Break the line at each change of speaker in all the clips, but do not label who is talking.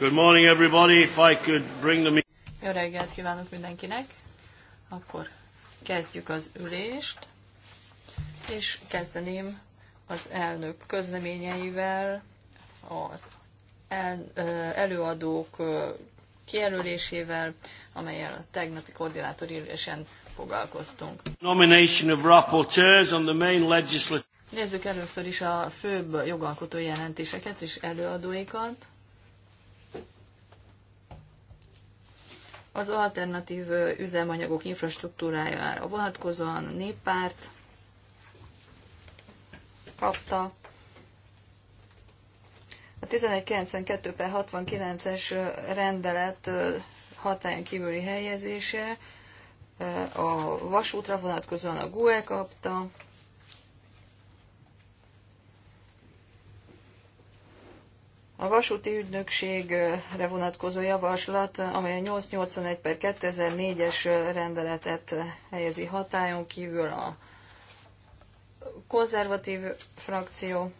Good morning everybody, if I could bring the
Jó reggelt kívánok mindenkinek. Akkor kezdjük az ülést, és kezdeném az elnök közleményeivel, az el, előadók kijelölésével, amelyel a tegnapi koordinátori ülésen foglalkoztunk.
Nomination of rapporteurs on the main legislative
Nézzük először is a főbb jogalkotó jelentéseket és előadóikat. az alternatív üzemanyagok infrastruktúrájára vonatkozóan a néppárt kapta a 1192 69-es rendelet hatályon kívüli helyezése, a vasútra vonatkozóan a GUE kapta, A vasúti ügynökségre vonatkozó javaslat, amely a 881 per 2004-es rendeletet helyezi hatályon kívül a konzervatív frakció,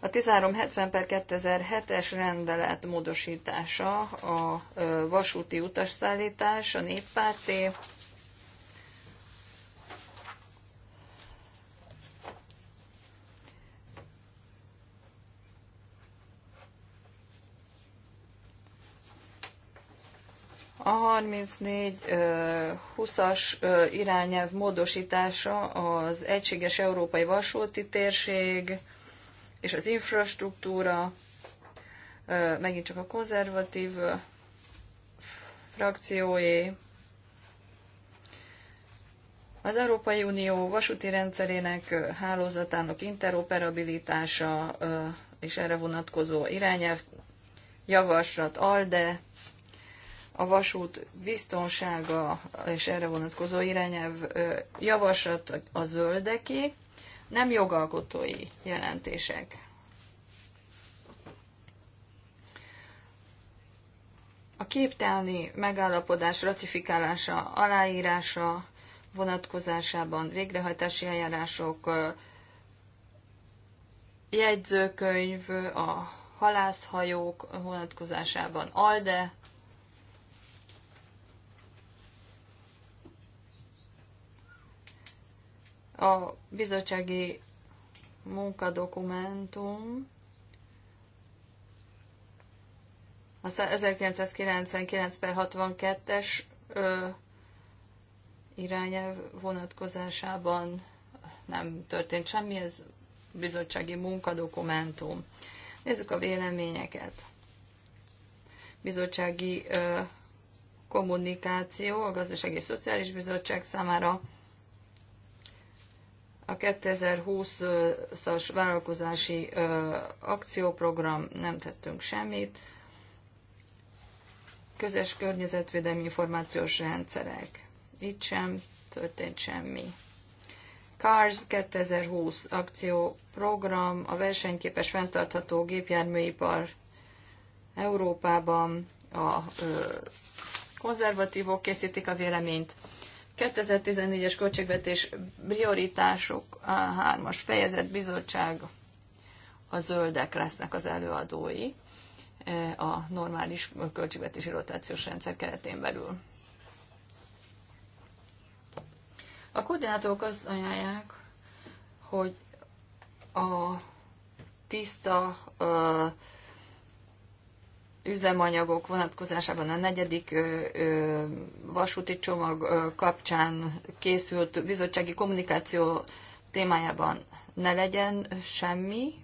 a 1370 per 2007-es rendelet módosítása, a vasúti utasszállítás, a néppárté, 34-20-as irányelv módosítása az egységes európai vasúti térség és az infrastruktúra, megint csak a konzervatív frakcióé. Az Európai Unió vasúti rendszerének hálózatának interoperabilitása és erre vonatkozó irányelv javaslat ALDE a vasút biztonsága és erre vonatkozó irányelv javaslat a zöldeké, nem jogalkotói jelentések. A képtelni megállapodás ratifikálása, aláírása vonatkozásában végrehajtási eljárások, jegyzőkönyv, a halászhajók vonatkozásában ALDE a bizottsági munkadokumentum a 1999 per 62-es irányelv vonatkozásában nem történt semmi, ez bizottsági munkadokumentum. Nézzük a véleményeket. Bizottsági ö, kommunikáció a Gazdasági Szociális Bizottság számára a 2020-as vállalkozási akcióprogram nem tettünk semmit, közös környezetvédelmi információs rendszerek. Itt sem történt semmi. CARS 2020 akcióprogram a versenyképes fenntartható gépjárműipar Európában a ö, konzervatívok készítik a véleményt. 2014-es költségvetés prioritások a hármas fejezet bizottság a zöldek lesznek az előadói e, a normális költségvetési rotációs rendszer keretén belül. A koordinátorok azt ajánlják, hogy a tiszta üzemanyagok vonatkozásában a negyedik vasúti csomag kapcsán készült bizottsági kommunikáció témájában ne legyen semmi,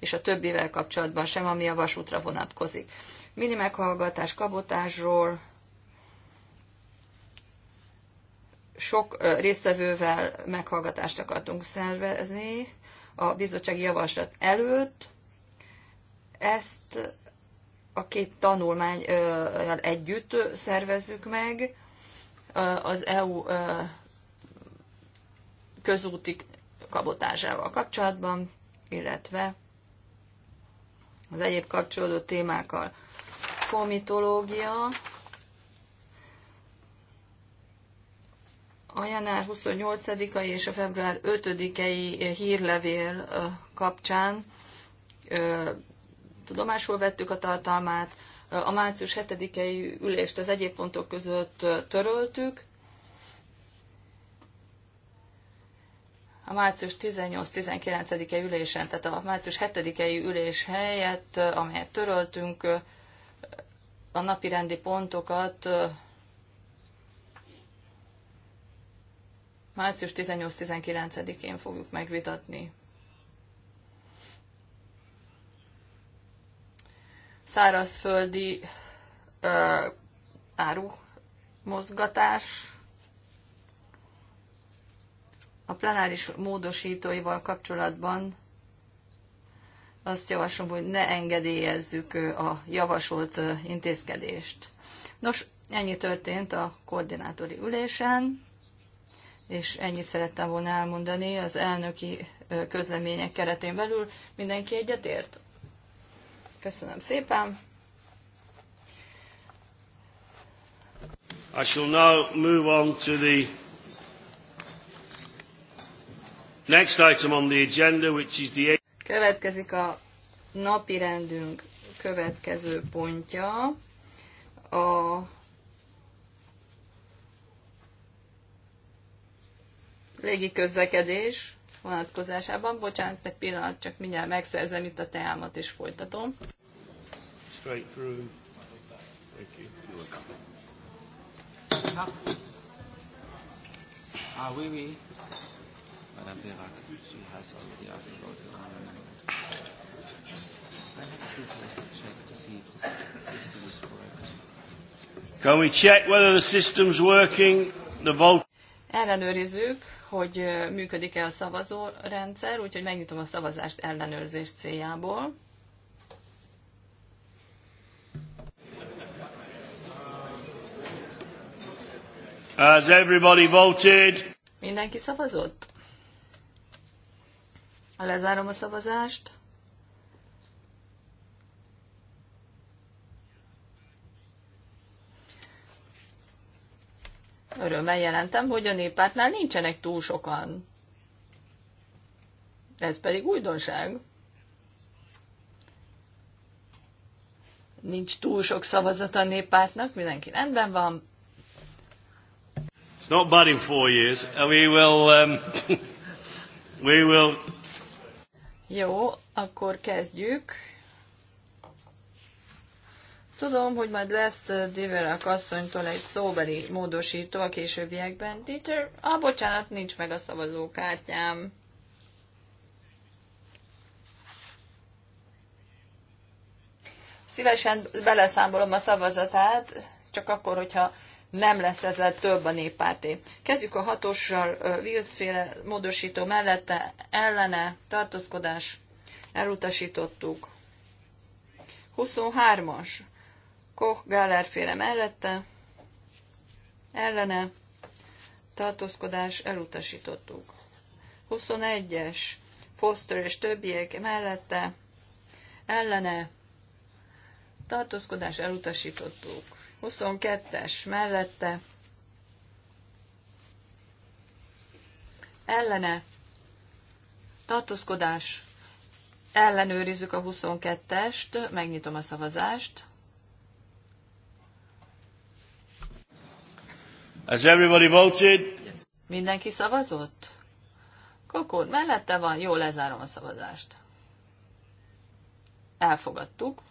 és a többivel kapcsolatban sem, ami a vasútra vonatkozik. Mini meghallgatás kabotásról, sok résztvevővel meghallgatást akartunk szervezni a bizottsági javaslat előtt. Ezt a két tanulmány együtt szervezzük meg az EU közúti kabotásával kapcsolatban, illetve az egyéb kapcsolódó témákkal. Komitológia, a január 28-ai és a február 5-ei hírlevél kapcsán tudomásul vettük a tartalmát, a március 7-i ülést az egyéb pontok között töröltük, a március 18-19-e ülésen, tehát a március 7-i ülés helyett, amelyet töröltünk, a napi rendi pontokat március 18-19-én fogjuk megvitatni. szárazföldi ö, áru mozgatás, a plenáris módosítóival kapcsolatban azt javaslom, hogy ne engedélyezzük a javasolt intézkedést. Nos, ennyi történt a koordinátori ülésen, és ennyit szerettem volna elmondani az elnöki közlemények keretén belül. Mindenki egyetért? Köszönöm szépen.
I shall now move on to the next item on the agenda, which is the...
Következik a napi rendünk következő pontja. A légi közlekedés, vonatkozásában. Bocsánat, egy pillanat, csak mindjárt megszerzem itt a teámat, és folytatom.
Straight through. Thank you.
Ah, oui, oui. Madame Verac, she has
I have to check to see if the system is correct. Can we check whether the system's working? The vote.
Ellenőrizzük hogy működik-e a szavazórendszer, úgyhogy megnyitom a szavazást ellenőrzés céljából.
Has everybody voted?
Mindenki szavazott? Lezárom a szavazást. Örömmel jelentem, hogy a néppártnál nincsenek túl sokan. Ez pedig újdonság. Nincs túl sok szavazat a néppártnak, mindenki rendben van.
It's not bad in four years. We will, um, we will...
Jó, akkor kezdjük. Tudom, hogy majd lesz eh, diver a kasszonytól egy szóbeli módosító a későbbiekben. Dieter, ah, bocsánat, nincs meg a szavazókártyám. Szívesen beleszámolom a szavazatát, csak akkor, hogyha nem lesz ezzel több a néppárté. Kezdjük a hatossal, eh, Wills-féle módosító mellette, ellene, tartózkodás, elutasítottuk. 23-as Koch Gáler féle mellette, ellene, tartózkodás elutasítottuk. 21-es, Foster és többiek mellette, ellene, tartózkodás elutasítottuk. 22-es mellette, ellene, tartózkodás, ellenőrizzük a 22-est, megnyitom a szavazást,
Has everybody voted? Yes.
Mindenki szavazott? Kokor, mellette van, jó, lezárom a szavazást. Elfogadtuk.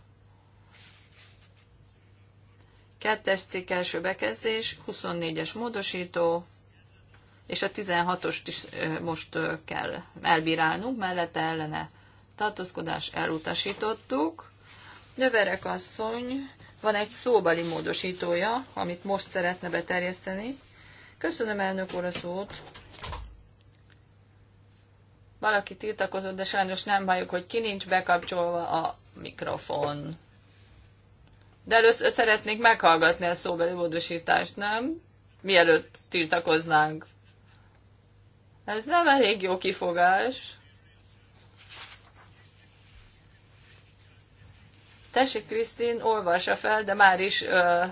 Kettes cikk első bekezdés, 24-es módosító, és a 16-ost is most kell elbírálnunk, mellette ellene tartózkodás elutasítottuk. Növerek asszony van egy szóbeli módosítója, amit most szeretne beterjeszteni. Köszönöm elnök úr a szót. Valaki tiltakozott, de sajnos nem halljuk, hogy ki nincs bekapcsolva a mikrofon. De először szeretnék meghallgatni a szóbeli módosítást, nem? Mielőtt tiltakoznánk. Ez nem elég jó kifogás. Tessék, Krisztin, olvassa fel, de már is ö,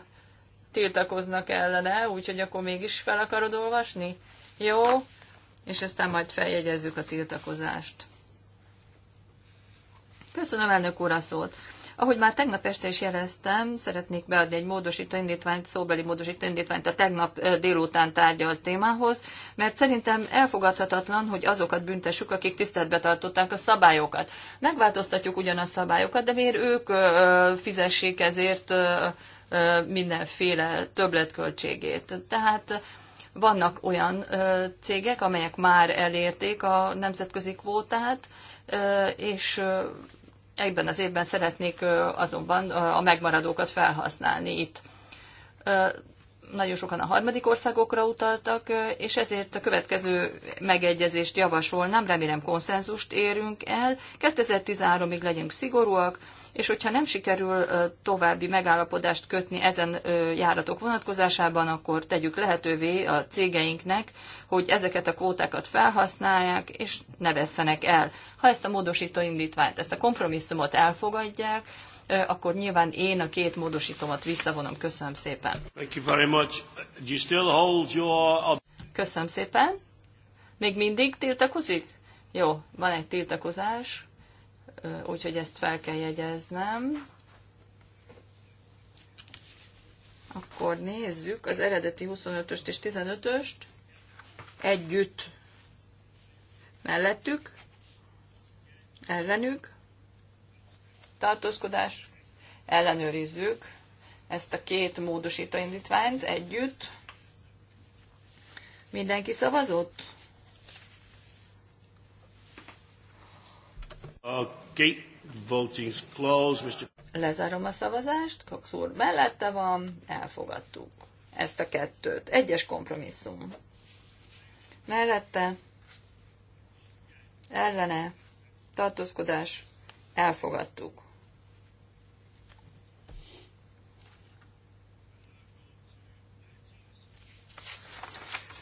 tiltakoznak ellene, úgyhogy akkor mégis fel akarod olvasni? Jó, és aztán majd feljegyezzük a tiltakozást. Köszönöm, elnök úr, a szót. Ahogy már tegnap este is jeleztem, szeretnék beadni egy módosító indítványt, szóbeli módosító indítványt a tegnap délután tárgyalt témához, mert szerintem elfogadhatatlan, hogy azokat büntessük, akik tiszteletbe tartották a szabályokat. Megváltoztatjuk ugyan a szabályokat, de miért ők fizessék ezért mindenféle többletköltségét. Tehát vannak olyan cégek, amelyek már elérték a nemzetközi kvótát, és Egyben az évben szeretnék azonban a megmaradókat felhasználni itt. Nagyon sokan a harmadik országokra utaltak, és ezért a következő megegyezést javasolnám, remélem konszenzust érünk el. 2013-ig legyünk szigorúak, és hogyha nem sikerül további megállapodást kötni ezen járatok vonatkozásában, akkor tegyük lehetővé a cégeinknek, hogy ezeket a kvótákat felhasználják, és ne vesszenek el. Ha ezt a módosító indítványt, ezt a kompromisszumot elfogadják, akkor nyilván én a két módosítomat visszavonom. Köszönöm szépen.
Thank you very much. Do you still hold your... Uh,
Köszönöm szépen. Még mindig tiltakozik? Jó, van egy tiltakozás úgyhogy ezt fel kell jegyeznem. Akkor nézzük az eredeti 25-öst és 15-öst együtt mellettük, ellenük, tartózkodás, ellenőrizzük ezt a két módosítóindítványt indítványt együtt. Mindenki szavazott?
closed, Mr.
Lezárom a szavazást, Cox úr mellette van, elfogadtuk ezt a kettőt. Egyes kompromisszum. Mellette, ellene, tartózkodás, elfogadtuk.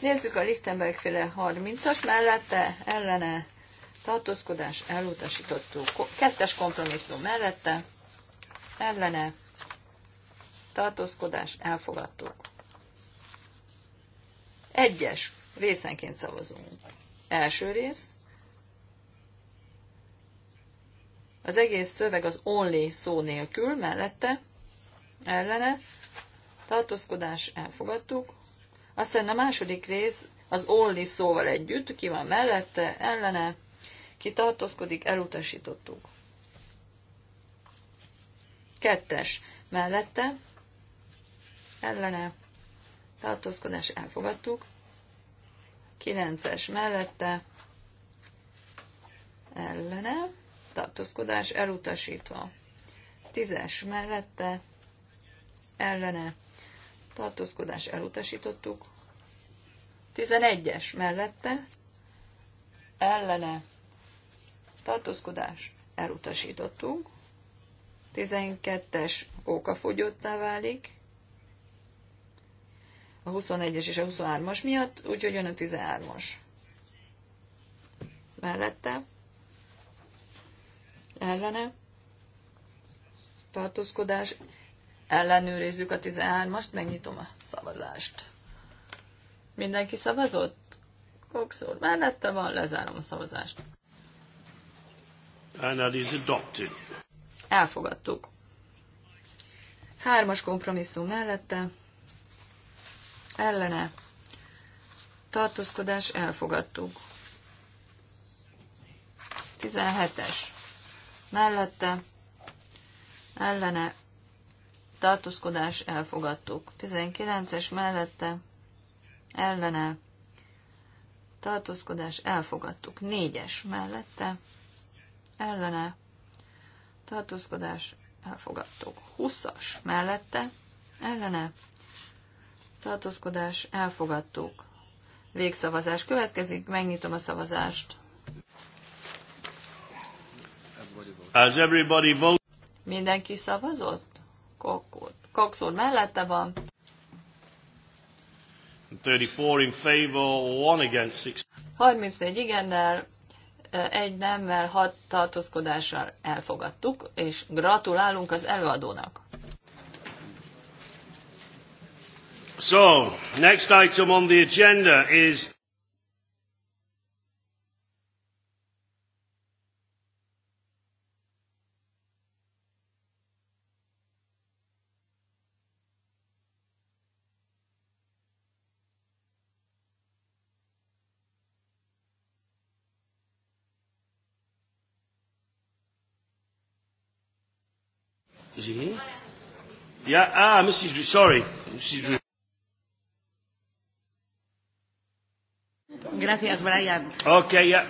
Nézzük a Lichtenberg féle 30-as mellette, ellene, tartózkodás elutasítottuk. Kettes kompromisszum mellette, ellene, tartózkodás elfogadtuk. Egyes részenként szavazunk. Első rész. Az egész szöveg az only szó nélkül, mellette, ellene, tartózkodás elfogadtuk. Aztán a második rész az only szóval együtt, ki van mellette, ellene, ki tartózkodik, elutasítottuk. Kettes mellette, ellene, tartózkodás elfogadtuk. Kilences mellette, ellene, tartózkodás elutasítva. Tízes mellette, ellene, tartózkodás elutasítottuk. Tizenegyes mellette, ellene, tartózkodás elutasítottunk, 12-es ókafogyottá válik, a 21-es és a 23-as miatt, úgyhogy jön a 13-as mellette, ellene, tartózkodás, ellenőrizzük a 13-ast, megnyitom a szavazást. Mindenki szavazott? Kokszor mellette van, lezárom a szavazást. Elfogadtuk. Hármas kompromisszum mellette, ellene, tartózkodás elfogadtuk. 17-es mellette, ellene, tartózkodás elfogadtuk. 19-es mellette, ellene, tartózkodás elfogadtuk. 4-es mellette, ellene tartózkodás elfogadtuk. 20-as mellette ellene tartózkodás elfogadtuk. Végszavazás következik, megnyitom a szavazást.
As everybody vote.
Mindenki szavazott? Kokkor. Kokszor mellette van.
34 in favor, one against six.
34 igennel, egy nemmel, hat tartózkodással elfogadtuk, és gratulálunk az előadónak.
So, next item on the agenda is... Is he here? Yeah, ah, Mrs. Drew, sorry. Mrs. Drew. Gracias, Brian. Okay, yeah.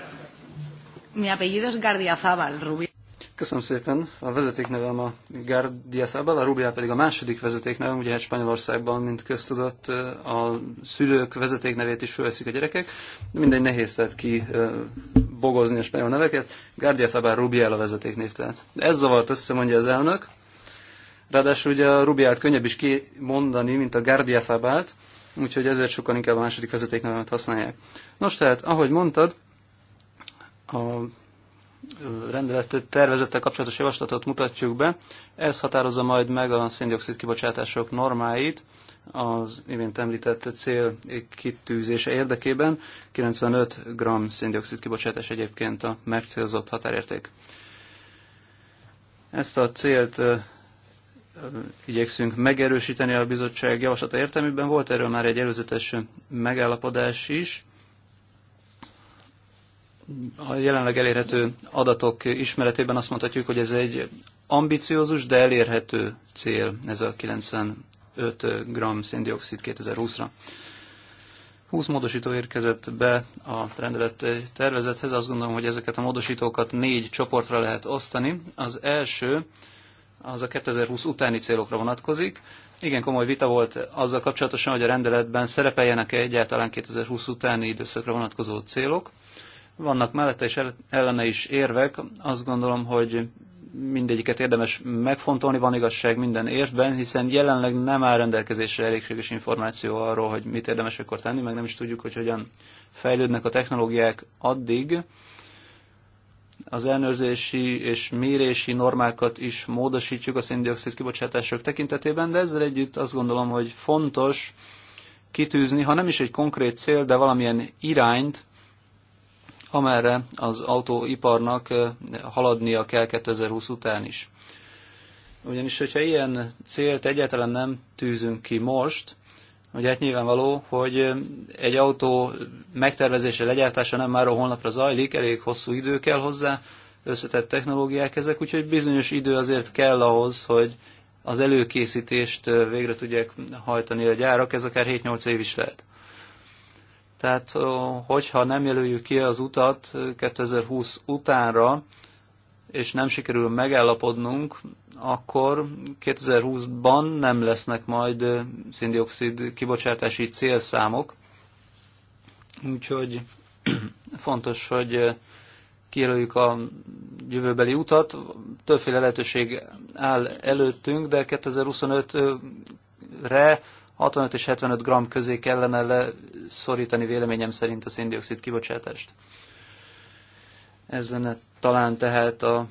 Mi apellido es Gardiazabal, Rubí.
Köszönöm szépen. A vezetéknevem a Gardiazabal, a Rubia pedig a második vezetéknevem. Ugye Spanyolországban, mint köztudott, a szülők vezetéknevét is fölveszik a gyerekek. De mindegy, nehéz tehát ki bogozni a spanyol neveket. Gardiazabal el a vezetéknév tehát. Ez zavart össze, mondja az elnök. Ráadásul ugye a Rubiát könnyebb is kimondani, mint a Gardia Szabát, úgyhogy ezért sokan inkább a második vezetéknevemet használják. Nos, tehát, ahogy mondtad, a rendelet tervezettel kapcsolatos javaslatot mutatjuk be. Ez határozza majd meg a széndiokszid kibocsátások normáit az imént említett cél kitűzése érdekében. 95 g széndiokszid kibocsátás egyébként a megcélzott határérték. Ezt a célt igyekszünk megerősíteni a bizottság javaslata értelmében. Volt erről már egy előzetes megállapodás is. A jelenleg elérhető adatok ismeretében azt mondhatjuk, hogy ez egy ambiciózus, de elérhető cél, ez a 95 g széndiokszid 2020-ra. 20 módosító érkezett be a rendelet tervezethez. Azt gondolom, hogy ezeket a módosítókat négy csoportra lehet osztani. Az első az a 2020 utáni célokra vonatkozik. Igen komoly vita volt azzal kapcsolatosan, hogy a rendeletben szerepeljenek-e egyáltalán 2020 utáni időszakra vonatkozó célok. Vannak mellette és ellene is érvek. Azt gondolom, hogy mindegyiket érdemes megfontolni, van igazság minden érvben, hiszen jelenleg nem áll rendelkezésre elégséges információ arról, hogy mit érdemes akkor tenni, meg nem is tudjuk, hogy hogyan fejlődnek a technológiák addig, az ellenőrzési és mérési normákat is módosítjuk a széndiokszid kibocsátások tekintetében, de ezzel együtt azt gondolom, hogy fontos kitűzni, ha nem is egy konkrét cél, de valamilyen irányt, amerre az autóiparnak haladnia kell 2020 után is. Ugyanis, hogyha ilyen célt egyáltalán nem tűzünk ki most, Ugye hát nyilvánvaló, hogy egy autó megtervezése, legyártása nem már a holnapra zajlik, elég hosszú idő kell hozzá, összetett technológiák ezek, úgyhogy bizonyos idő azért kell ahhoz, hogy az előkészítést végre tudják hajtani a gyárak, ez akár 7-8 év is lehet. Tehát, hogyha nem jelöljük ki az utat 2020 utánra, és nem sikerül megállapodnunk, akkor 2020-ban nem lesznek majd széndiokszid kibocsátási célszámok, úgyhogy fontos, hogy kijelöljük a jövőbeli utat. Többféle lehetőség áll előttünk, de 2025-re 65 és 75 gram közé kellene leszorítani véleményem szerint a széndiokszid kibocsátást. Ez lenne talán tehát a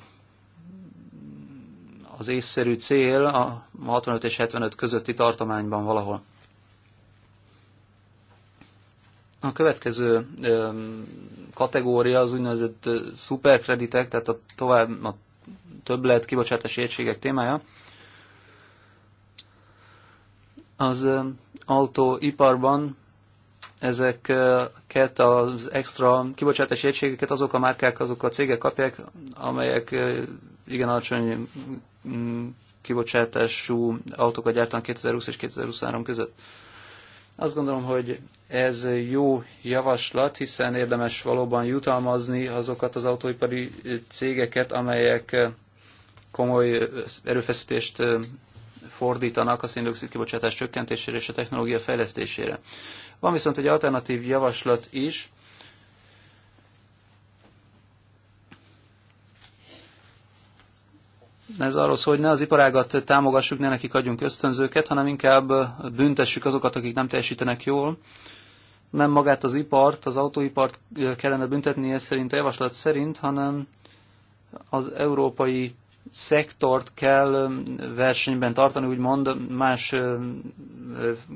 az észszerű cél a 65 és 75 közötti tartományban valahol. A következő kategória az úgynevezett szuperkreditek, tehát a tovább a többlet kibocsátási egységek témája. Az autóiparban ezeket az extra kibocsátási egységeket azok a márkák, azok a cégek kapják, amelyek igen alacsony Mm, kibocsátású autókat gyártanak 2020 és 2023 között. Azt gondolom, hogy ez jó javaslat, hiszen érdemes valóban jutalmazni azokat az autóipari cégeket, amelyek eh, komoly eh, erőfeszítést eh, fordítanak a széndiokszid kibocsátás csökkentésére és a technológia fejlesztésére. Van viszont egy alternatív javaslat is, ez arról szól, hogy ne az iparágat támogassuk, ne nekik adjunk ösztönzőket, hanem inkább büntessük azokat, akik nem teljesítenek jól. Nem magát az ipart, az autóipart kellene büntetni ez szerint a javaslat szerint, hanem az európai szektort kell versenyben tartani, úgymond más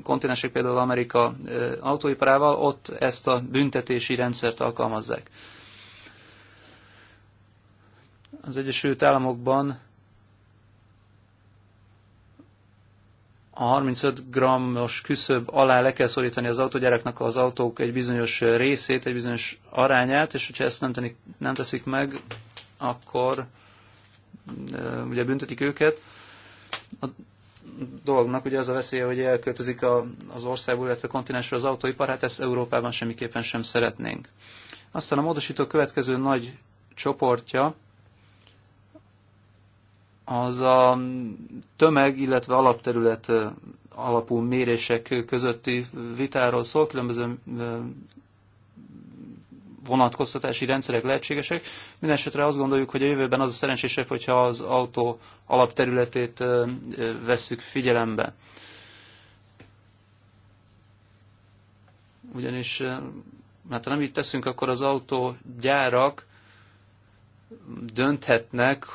kontinensek, például Amerika autóiparával, ott ezt a büntetési rendszert alkalmazzák. Az Egyesült Államokban a 35 g-os küszöb alá le kell szorítani az autógyáraknak az autók egy bizonyos részét, egy bizonyos arányát, és hogyha ezt nem, tenik, nem teszik meg, akkor ugye büntetik őket. A dolognak ugye az a veszélye, hogy elköltözik a, az országból, illetve kontinensről az autóipar, hát ezt Európában semmiképpen sem szeretnénk. Aztán a módosító következő nagy csoportja az a tömeg, illetve alapterület alapú mérések közötti vitáról szól, különböző vonatkoztatási rendszerek lehetségesek. Mindenesetre azt gondoljuk, hogy a jövőben az a szerencsésebb, hogyha az autó alapterületét vesszük figyelembe. Ugyanis, hát ha nem így teszünk, akkor az autógyárak dönthetnek,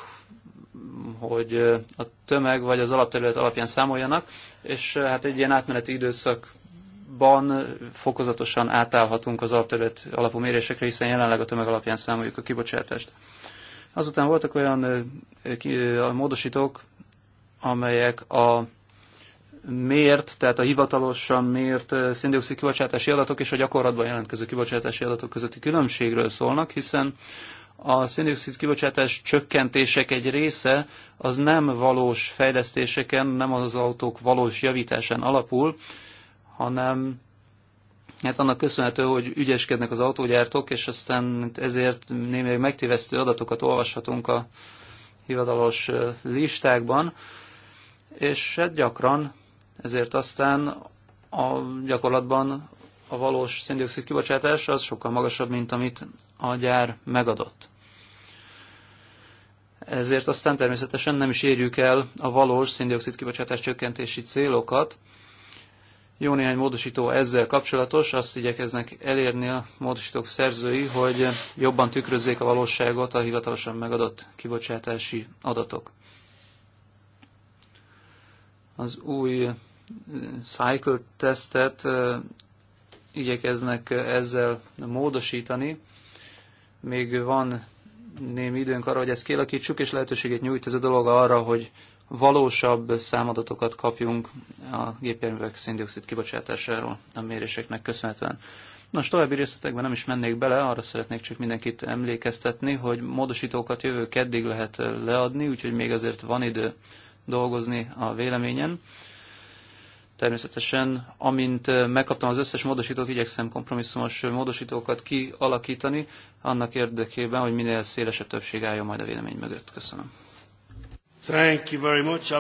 hogy a tömeg vagy az alapterület alapján számoljanak, és hát egy ilyen átmeneti időszakban fokozatosan átállhatunk az alapterület alapú mérésekre, hiszen jelenleg a tömeg alapján számoljuk a kibocsátást. Azután voltak olyan módosítók, amelyek a mért, tehát a hivatalosan mért szindioxid kibocsátási adatok és a gyakorlatban jelentkező kibocsátási adatok közötti különbségről szólnak, hiszen a széndiokszid kibocsátás csökkentések egy része az nem valós fejlesztéseken, nem az autók valós javításán alapul, hanem hát annak köszönhető, hogy ügyeskednek az autógyártók, és aztán ezért némileg megtévesztő adatokat olvashatunk a hivatalos listákban, és hát gyakran ezért aztán a gyakorlatban a valós széndiokszid kibocsátás az sokkal magasabb, mint amit a gyár megadott. Ezért aztán természetesen nem is érjük el a valós széndiokszid kibocsátás csökkentési célokat. Jó néhány módosító ezzel kapcsolatos, azt igyekeznek elérni a módosítók szerzői, hogy jobban tükrözzék a valóságot a hivatalosan megadott kibocsátási adatok. Az új eh, cycle testet eh, igyekeznek ezzel módosítani. Még van némi időnk arra, hogy ezt kialakítsuk, és lehetőséget nyújt ez a dolog arra, hogy valósabb számadatokat kapjunk a gépjárművek széndiokszid kibocsátásáról a méréseknek köszönhetően. Nos, további részletekben nem is mennék bele, arra szeretnék csak mindenkit emlékeztetni, hogy módosítókat jövő keddig lehet leadni, úgyhogy még azért van idő dolgozni a véleményen. Természetesen, amint megkaptam az összes módosítót, igyekszem kompromisszumos módosítókat kialakítani, annak érdekében, hogy minél szélesebb többség álljon majd a vélemény
mögött. Köszönöm. Thank you very much.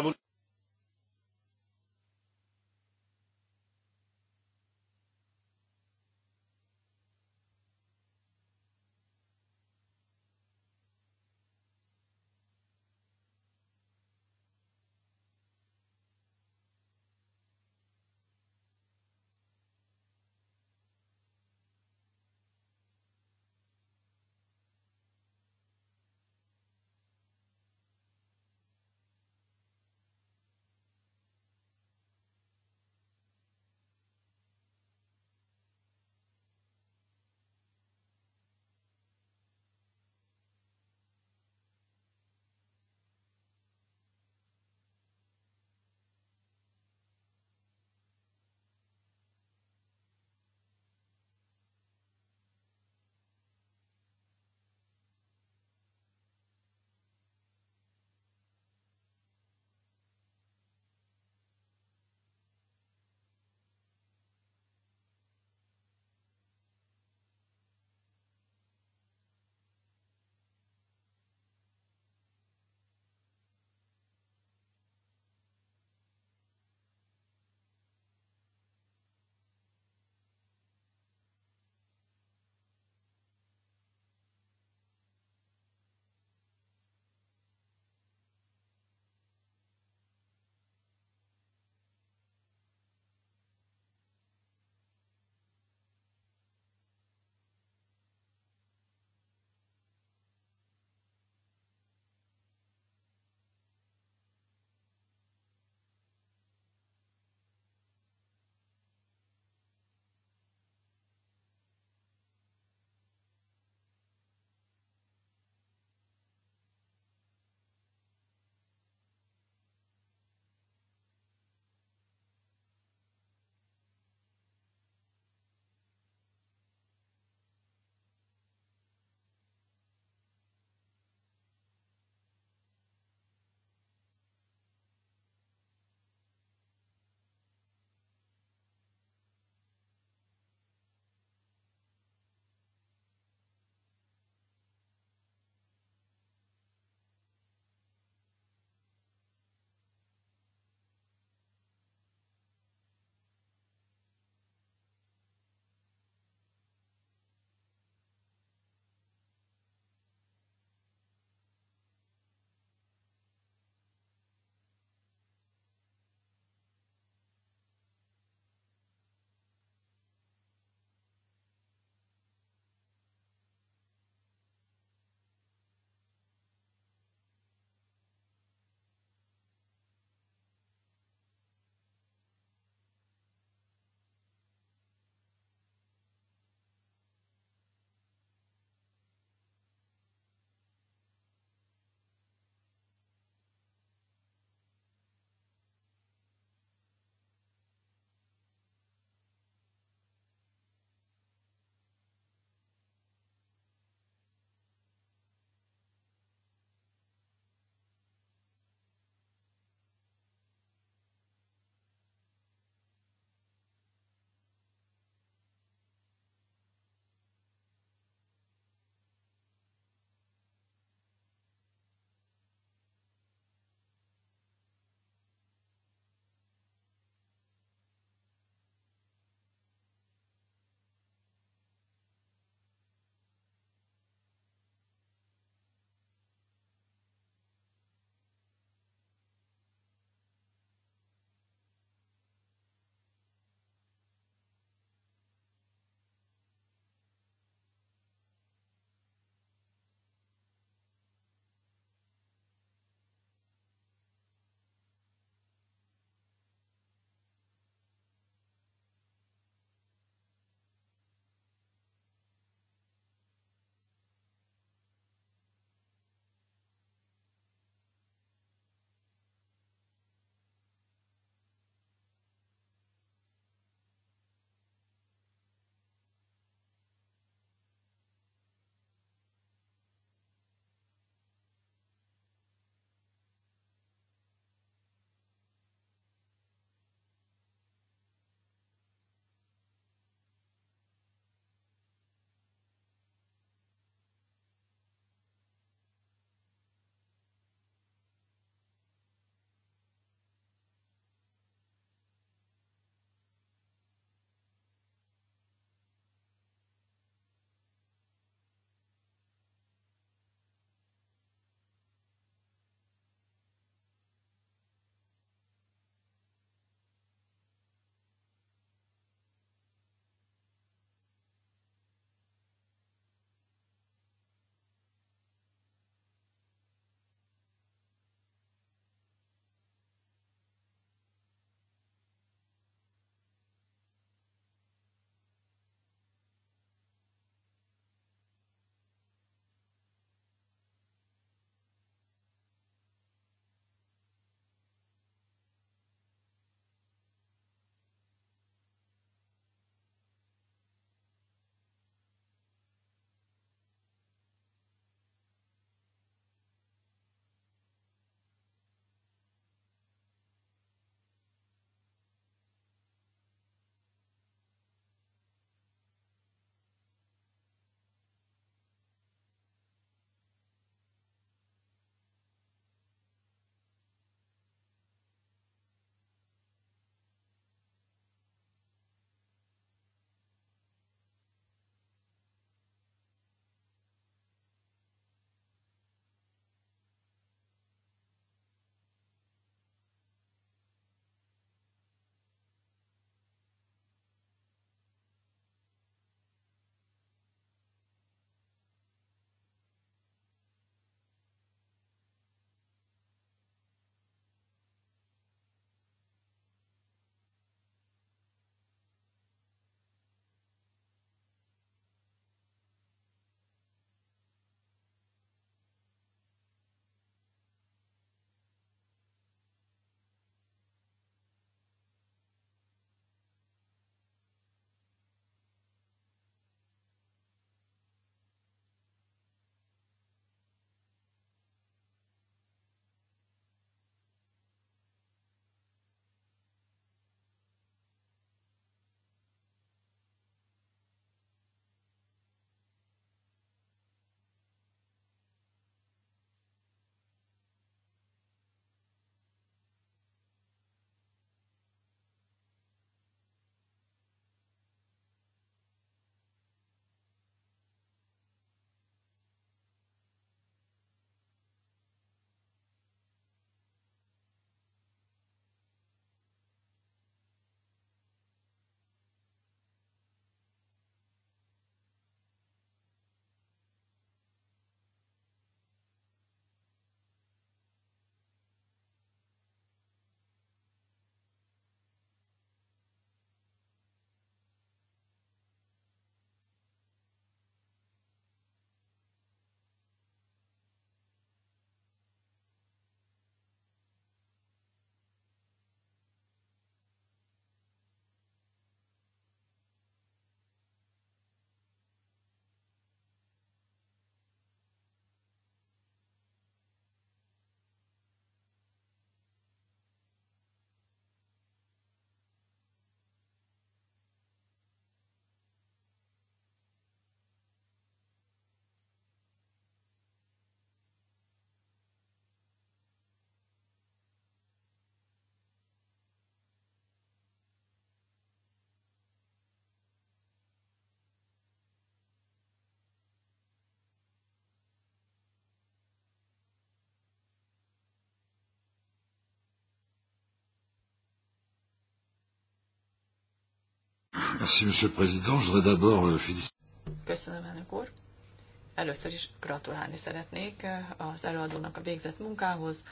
Merci, Monsieur le Président. Je voudrais d'abord euh, féliciter.
Köszönöm, elnök úr. Először is gratulálni szeretnék euh, az előadónak a végzett munkához.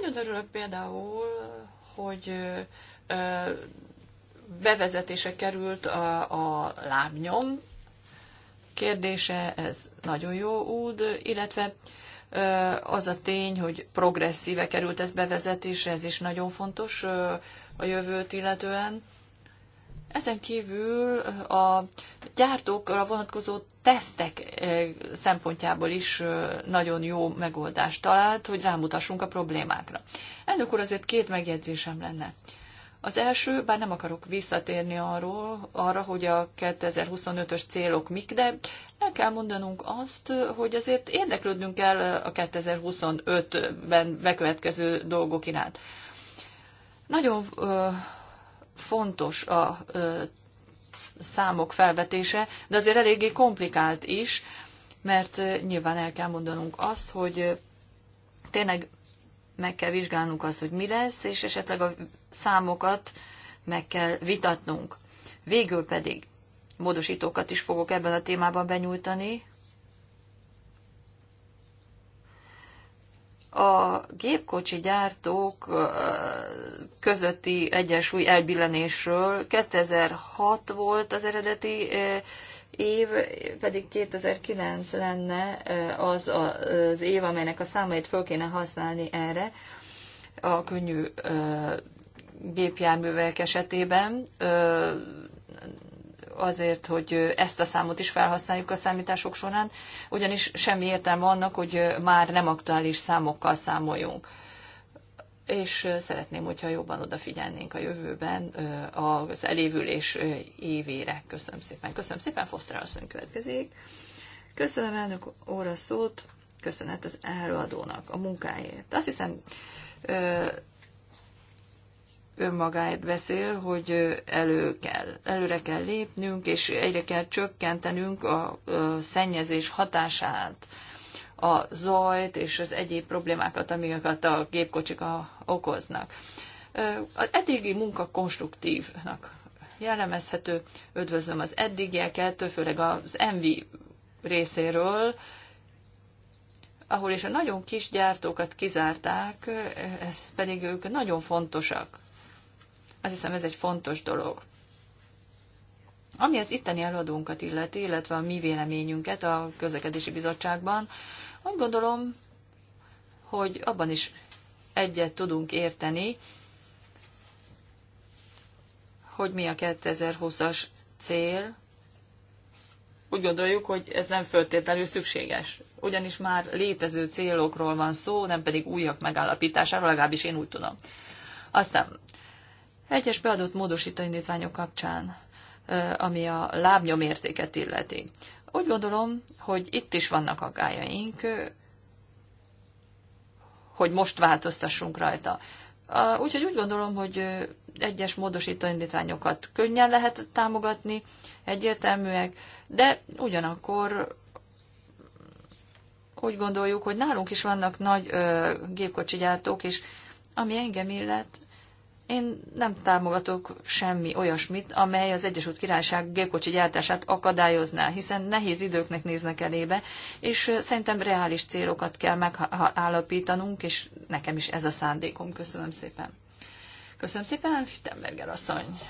Nagyon örülök például, hogy euh, bevezetése került a, a lábnyom kérdése, ez nagyon jó út, illetve az a tény, hogy progresszíve került ez bevezetése, ez is nagyon fontos a jövőt illetően. Ezen kívül a gyártókra vonatkozó tesztek szempontjából is nagyon jó megoldást talált, hogy rámutassunk a problémákra. Elnök úr, azért két megjegyzésem lenne. Az első, bár nem akarok visszatérni arról, arra, hogy a 2025-ös célok mik, de el kell mondanunk azt, hogy azért érdeklődnünk kell a 2025-ben bekövetkező dolgok iránt. Nagyon fontos a számok felvetése, de azért eléggé komplikált is, mert nyilván el kell mondanunk azt, hogy tényleg meg kell vizsgálnunk azt, hogy mi lesz, és esetleg a számokat meg kell vitatnunk. Végül pedig módosítókat is fogok ebben a témában benyújtani, a gépkocsi gyártók közötti egyensúly elbillenésről 2006 volt az eredeti év, pedig 2009 lenne az az év, amelynek a számait föl kéne használni erre a könnyű gépjárművek esetében azért, hogy ezt a számot is felhasználjuk a számítások során, ugyanis semmi értelme annak, hogy már nem aktuális számokkal számoljunk. És szeretném, hogyha jobban odafigyelnénk a jövőben az elévülés évére. Köszönöm szépen. Köszönöm szépen, Foster asszony következik. Köszönöm elnök óra szót, köszönet az előadónak a munkáért. Azt hiszem, önmagáért beszél, hogy elő kell, előre kell lépnünk, és egyre kell csökkentenünk a szennyezés hatását, a zajt és az egyéb problémákat, amiket a gépkocsik okoznak. Az eddigi munka konstruktívnak jellemezhető, üdvözlöm az eddigieket, főleg az Envi részéről, ahol is a nagyon kis gyártókat kizárták, ez pedig ők nagyon fontosak azt hiszem, ez egy fontos dolog. Ami az itteni előadónkat illeti, illetve a mi véleményünket a közlekedési bizottságban, úgy gondolom, hogy abban is egyet tudunk érteni, hogy mi a 2020-as cél. Úgy gondoljuk, hogy ez nem föltétlenül szükséges, ugyanis már létező célokról van szó, nem pedig újak megállapításáról, legalábbis én úgy tudom. Aztán egyes beadott módosító indítványok kapcsán, ami a lábnyomértéket illeti. Úgy gondolom, hogy itt is vannak aggájaink, hogy most változtassunk rajta. Úgyhogy úgy gondolom, hogy egyes módosító indítványokat könnyen lehet támogatni, egyértelműek, de ugyanakkor úgy gondoljuk, hogy nálunk is vannak nagy gépkocsigyártók, és ami engem illet, én nem támogatok semmi olyasmit, amely az Egyesült Királyság gépkocsi gyártását akadályozná, hiszen nehéz időknek néznek elébe, és szerintem reális célokat kell megállapítanunk, és nekem is ez a szándékom. Köszönöm szépen. Köszönöm szépen, Stemberger asszony.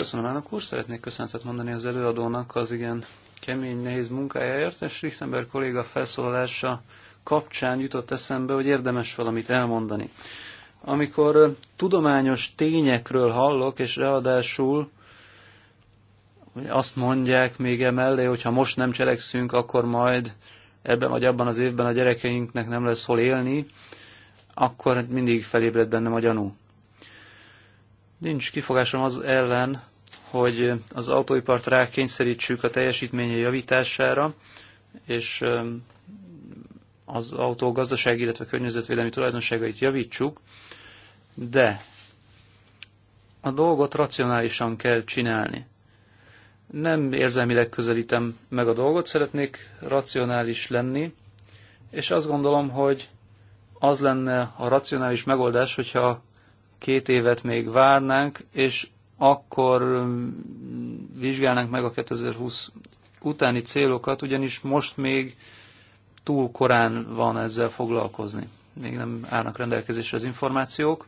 Köszönöm, elnök úr. Szeretnék köszönetet mondani az előadónak az igen kemény, nehéz munkájáért, és Richtenberg kolléga felszólalása kapcsán jutott eszembe, hogy érdemes valamit elmondani. Amikor tudományos tényekről hallok, és ráadásul azt mondják még emellé, hogy ha most nem cselekszünk, akkor majd ebben vagy abban az évben a gyerekeinknek nem lesz hol élni, akkor mindig felébred bennem a gyanú. Nincs kifogásom az ellen, hogy az autóipart rákényszerítsük a teljesítménye javítására, és um, az autó gazdaság, illetve környezetvédelmi tulajdonságait javítsuk, de a dolgot racionálisan kell csinálni. Nem érzelmileg közelítem meg a dolgot, szeretnék racionális lenni, és azt gondolom, hogy az lenne a racionális megoldás, hogyha két évet még várnánk, és akkor um, vizsgálnánk meg a 2020 utáni célokat, ugyanis most még túl korán van ezzel foglalkozni. Még nem állnak rendelkezésre az információk,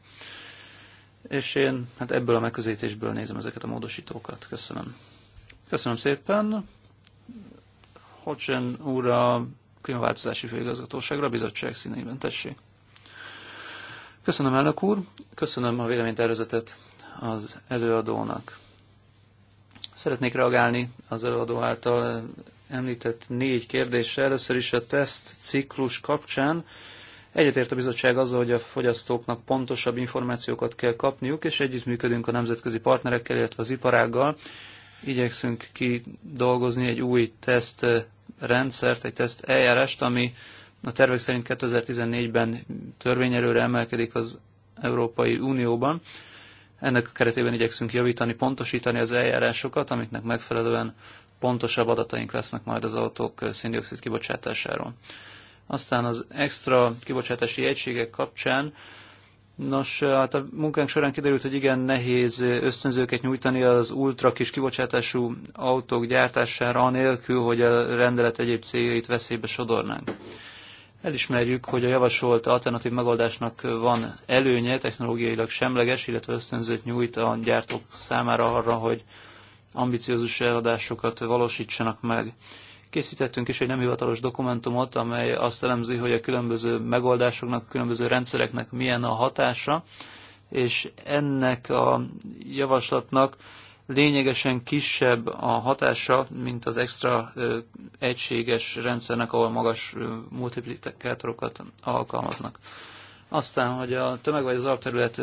és én hát ebből a megközelítésből nézem ezeket a módosítókat. Köszönöm. Köszönöm szépen. Hocsen úr a Klímaváltozási Főigazgatóságra, a bizottság színeiben. Tessék. Köszönöm, elnök úr. Köszönöm a véleménytervezetet az előadónak. Szeretnék reagálni az előadó által említett négy kérdésre. Először is a teszt ciklus kapcsán egyetért a bizottság azzal, hogy a fogyasztóknak pontosabb információkat kell kapniuk, és együttműködünk a nemzetközi partnerekkel, illetve az iparággal. Igyekszünk kidolgozni egy új teszt rendszert, egy teszt eljárást, ami a tervek szerint 2014-ben törvényerőre emelkedik az Európai Unióban. Ennek a keretében igyekszünk javítani, pontosítani az eljárásokat, amiknek megfelelően pontosabb adataink lesznek majd az autók széndiokszid kibocsátásáról. Aztán az extra kibocsátási egységek kapcsán Nos, hát a munkánk során kiderült, hogy igen nehéz ösztönzőket nyújtani az ultra kis kibocsátású autók gyártására, anélkül, hogy a rendelet egyéb céljait veszélybe sodornánk. Elismerjük, hogy a javasolt alternatív megoldásnak van előnye, technológiailag semleges, illetve ösztönzőt nyújt a gyártók számára arra, hogy ambiciózus eladásokat valósítsanak meg. Készítettünk is egy nem hivatalos dokumentumot, amely azt elemzi, hogy a különböző megoldásoknak, a különböző rendszereknek milyen a hatása, és ennek a javaslatnak lényegesen kisebb a hatása, mint az extra egységes rendszernek, ahol magas multiplikátorokat alkalmaznak. Aztán, hogy a tömeg vagy az alapterület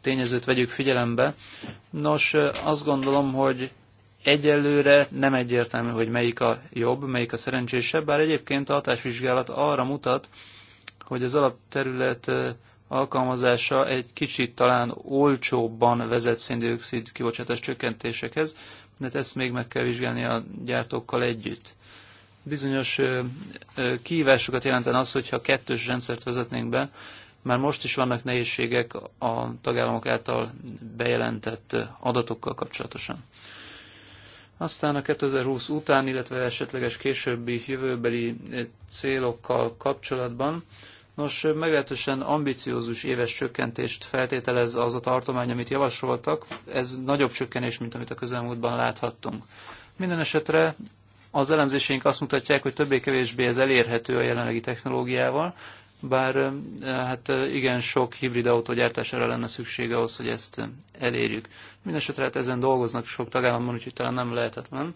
tényezőt vegyük figyelembe, nos, azt gondolom, hogy egyelőre nem egyértelmű, hogy melyik a jobb, melyik a szerencsésebb, bár egyébként a hatásvizsgálat arra mutat, hogy az alapterület alkalmazása egy kicsit talán olcsóbban vezet széndiokszid kibocsátás csökkentésekhez, de hát ezt még meg kell vizsgálni a gyártókkal együtt. Bizonyos kihívásokat jelenten az, hogyha kettős rendszert vezetnénk be, már most is vannak nehézségek a tagállamok által bejelentett adatokkal kapcsolatosan. Aztán a 2020 után, illetve esetleges későbbi jövőbeli célokkal kapcsolatban Nos, meglehetősen ambiciózus éves csökkentést feltételez az a tartomány, amit javasoltak. Ez nagyobb csökkenés, mint amit a közelmúltban láthattunk. Minden esetre az elemzéseink azt mutatják, hogy többé-kevésbé ez elérhető a jelenlegi technológiával, bár hát igen sok hibrid autógyártására lenne szüksége ahhoz, hogy ezt elérjük. Mindenesetre hát ezen dolgoznak sok tagállamban, úgyhogy talán nem lehetetlen.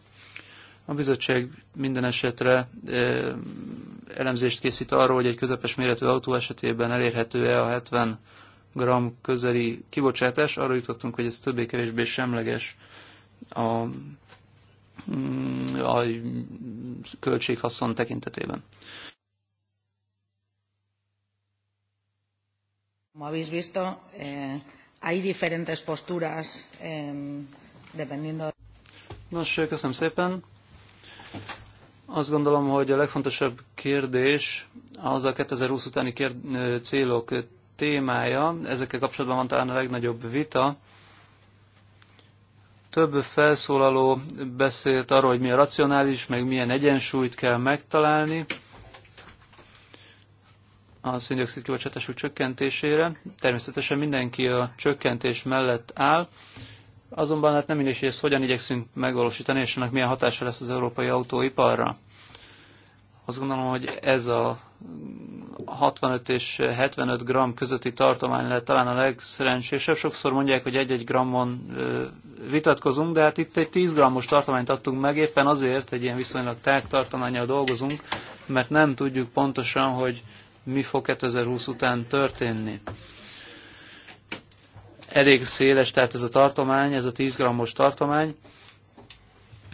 A bizottság minden esetre elemzést készít arról, hogy egy közepes méretű autó esetében elérhető-e a 70 g közeli kibocsátás. Arra jutottunk, hogy ez többé-kevésbé semleges a, mm, a költséghaszon tekintetében. Como habéis visto, eh, hay diferentes posturas eh, dependiendo. Nos, köszönöm szépen. Azt gondolom, hogy a legfontosabb kérdés az a 2020 utáni kérd, célok témája. Ezekkel kapcsolatban van talán a legnagyobb vita. Több felszólaló beszélt arról, hogy mi a racionális, meg milyen egyensúlyt kell megtalálni a széndiokszid kibocsátású csökkentésére. Természetesen mindenki a csökkentés mellett áll, Azonban hát nem mindegy, hogy ezt hogyan igyekszünk megvalósítani, és ennek milyen hatása lesz az európai autóiparra. Azt gondolom, hogy ez a 65 és 75 gram közötti tartomány lehet talán a legszerencsésebb. Sokszor mondják, hogy egy-egy grammon vitatkozunk, de hát itt egy 10 grammos tartományt adtunk meg, éppen azért egy ilyen viszonylag tág tartományjal dolgozunk, mert nem tudjuk pontosan, hogy mi fog 2020 után történni elég széles, tehát ez a tartomány, ez a 10 g-os tartomány,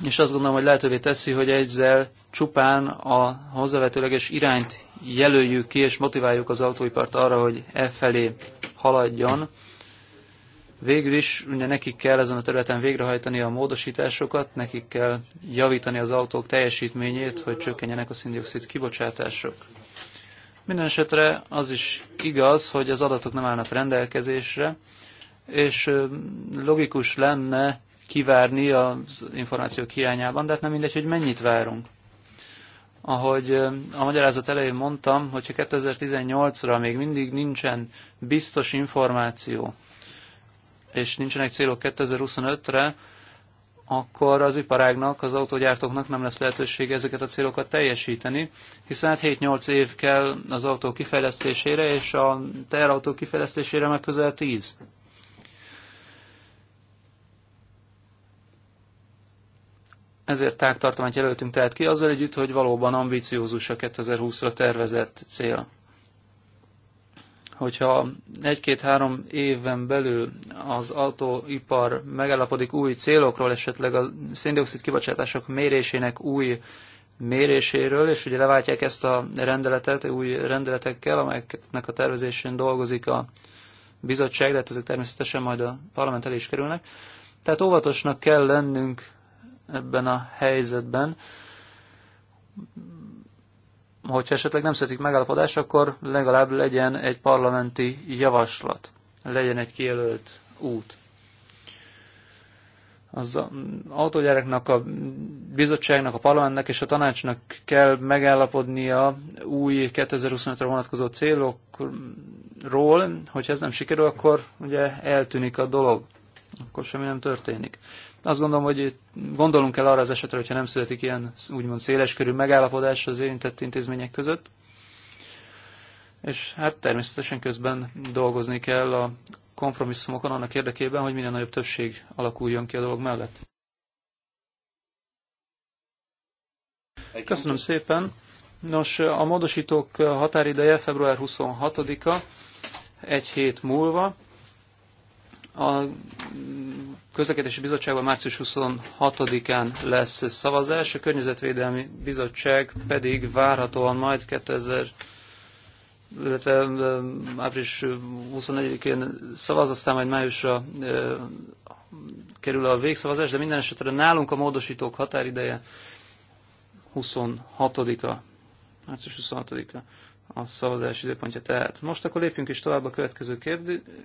és azt gondolom, hogy lehetővé teszi, hogy ezzel csupán a hozzávetőleges irányt jelöljük ki, és motiváljuk az autóipart arra, hogy e felé haladjon. Végül is ugye nekik kell ezen a területen végrehajtani a módosításokat, nekik kell javítani az autók teljesítményét, hogy csökkenjenek a szindioxid kibocsátások. Minden esetre az is igaz, hogy az adatok nem állnak rendelkezésre, és logikus lenne kivárni az információk hiányában, de hát nem mindegy, hogy mennyit várunk. Ahogy a magyarázat elején mondtam, hogyha 2018-ra még mindig nincsen biztos információ, és nincsenek célok 2025-re, akkor az iparágnak, az autógyártóknak nem lesz lehetősége ezeket a célokat teljesíteni, hiszen hát 7-8 év kell az autó kifejlesztésére, és a teherautó kifejlesztésére meg közel 10. Ezért tágtartományt jelöltünk tehát ki, azzal együtt, hogy valóban ambiciózus a 2020-ra tervezett cél. Hogyha egy-két-három éven belül az autóipar megállapodik új célokról, esetleg a széndiokszid kibocsátások mérésének új méréséről, és ugye leváltják ezt a rendeletet új rendeletekkel, amelyeknek a tervezésén dolgozik a bizottság, de hát ezek természetesen majd a parlament elé is kerülnek. Tehát óvatosnak kell lennünk ebben a helyzetben. Hogyha esetleg nem szeretik megállapodás, akkor legalább legyen egy parlamenti javaslat, legyen egy kijelölt út. Az autógyáraknak, a bizottságnak, a parlamentnek és a tanácsnak kell megállapodnia új 2025-re vonatkozó célokról, hogyha ez nem sikerül, akkor ugye eltűnik a dolog akkor semmi nem történik. Azt gondolom, hogy gondolunk kell arra az esetre, hogyha nem születik ilyen úgymond széleskörű megállapodás az érintett intézmények között, és hát természetesen közben dolgozni kell a kompromisszumokon annak érdekében, hogy minél nagyobb többség alakuljon ki a dolog mellett. Köszönöm szépen. Nos, a módosítók határideje február 26-a, egy hét múlva. A közlekedési bizottságban március 26-án lesz szavazás, a Környezetvédelmi Bizottság pedig várhatóan majd 2000 illetve április 24-én szavaz, aztán majd májusra kerül a végszavazás, de minden esetre nálunk a módosítók határideje 26-a, március 26-a a szavazás időpontja. Tehát most akkor lépjünk is tovább a következő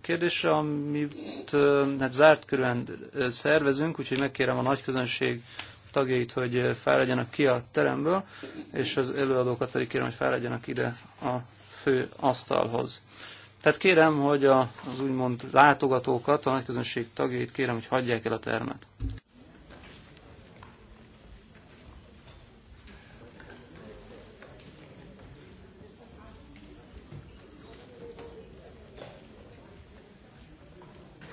kérdésre, amit hát zárt körülön szervezünk, úgyhogy megkérem a nagyközönség tagjait, hogy fellegyenek ki a teremből, és az előadókat pedig kérem, hogy fellegyenek ide a fő asztalhoz. Tehát kérem, hogy az úgymond látogatókat, a nagyközönség tagjait kérem, hogy hagyják el a termet.